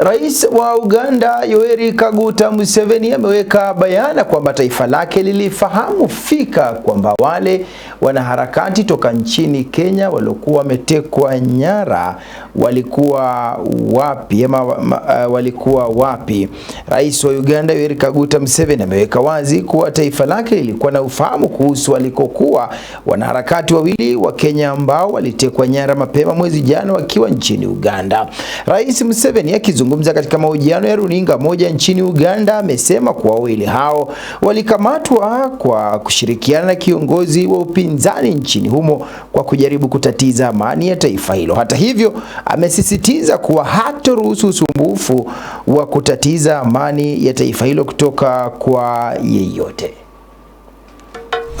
Rais wa Uganda Yoweri Kaguta Museveni ameweka bayana kwamba taifa lake lilifahamu fika kwamba wale wanaharakati toka nchini Kenya waliokuwa wametekwa nyara walikuwa wapi ama uh, walikuwa wapi. Rais wa Uganda Yoweri Kaguta Museveni ameweka wazi kuwa taifa lake lilikuwa na ufahamu kuhusu walikokuwa wanaharakati wawili wa Kenya ambao walitekwa nyara mapema mwezi jana wakiwa nchini Uganda. Rais Museveni akizungumza Akizungumza katika mahojiano ya runinga moja nchini Uganda, amesema kuwa wawili hao walikamatwa kwa kushirikiana na kiongozi wa upinzani nchini humo kwa kujaribu kutatiza amani ya taifa hilo. Hata hivyo, amesisitiza kuwa hatoruhusu usumbufu wa kutatiza amani ya taifa hilo kutoka kwa yeyote.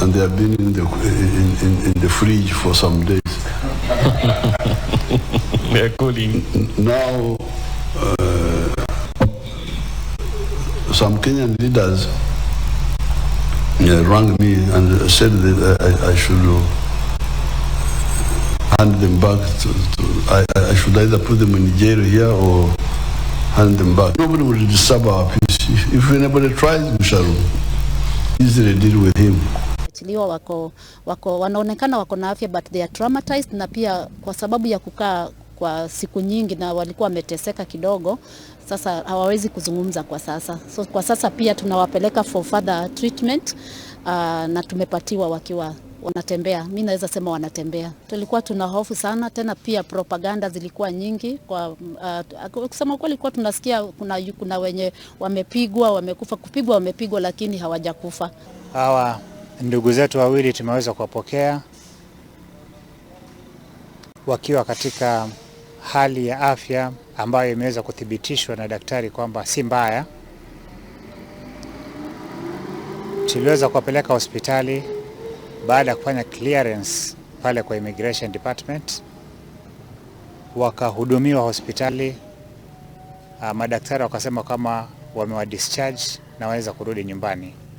And they have been in the, in, in, in the fridge for some days. are cooling. Now Uh, some Kenyan leaders uh, rang me and said that I, I should uh, hand them back to, to I, I, should either put them in jail here or hand them back. Nobody will disturb our peace. If, if anybody tries, we shall easily deal with him. Achiliwa wako, wako wanaonekana wako na afya but they are traumatized na pia kwa sababu ya kukaa kwa siku nyingi na walikuwa wameteseka kidogo, sasa hawawezi kuzungumza kwa sasa. So kwa sasa pia tunawapeleka for further treatment uh, na tumepatiwa wakiwa wanatembea. Mimi naweza sema wanatembea. Tulikuwa tuna hofu sana, tena pia propaganda zilikuwa nyingi kwa uh, kusema kweli, kwa tunasikia kuna, kuna wenye wamepigwa wamekufa, kupigwa wamepigwa, lakini hawajakufa. Hawa ndugu zetu wawili tumeweza kuwapokea wakiwa katika hali ya afya ambayo imeweza kuthibitishwa na daktari kwamba si mbaya. Tuliweza kuwapeleka hospitali baada ya kufanya clearance pale kwa immigration department, wakahudumiwa hospitali. Ah, madaktari wakasema kama wamewadischarge na waweza kurudi nyumbani.